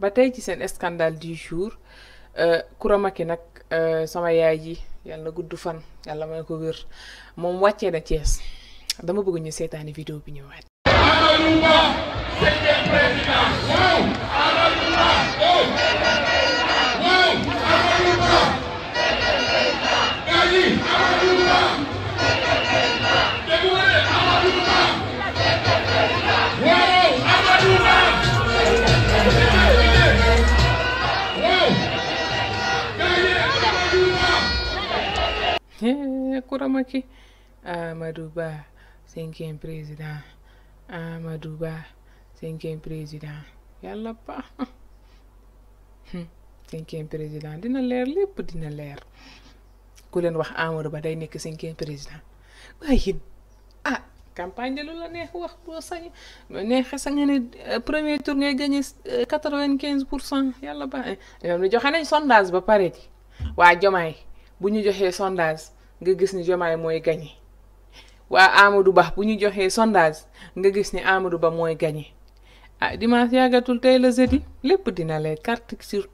ba tey ci seen scandale du jour euh, kuramaki nag euh, sama yaay ji yàlla gudd fan yàlla may ko wér moom wàccee na Thiès dama bëgg ñu seetaani vidéo bi ñëwaat. Kuramaki Amadou Ba cinquième président Amadou Ba cinquième président yàlla ba hmm, président dina leer lépp dina leer ku leen wax Amadou Ba day nekk cinquième président waaye ah campagne de lu la neex wax boo sañ neexe euh, premier tour ngay gagné euh, quatre-vingt-quinze pour cent yàlla ba eh, ñoom ni ba pare ji waa Jomaay bu ñu joxee sondage nga gis ni Diomaye mooy gagné waa amadu Ba bu ñu joxee sondage nga gis ni Amadou Ba mooy gagné ah dimanche yàggatul tey la jeudi lépp dina lay carte sur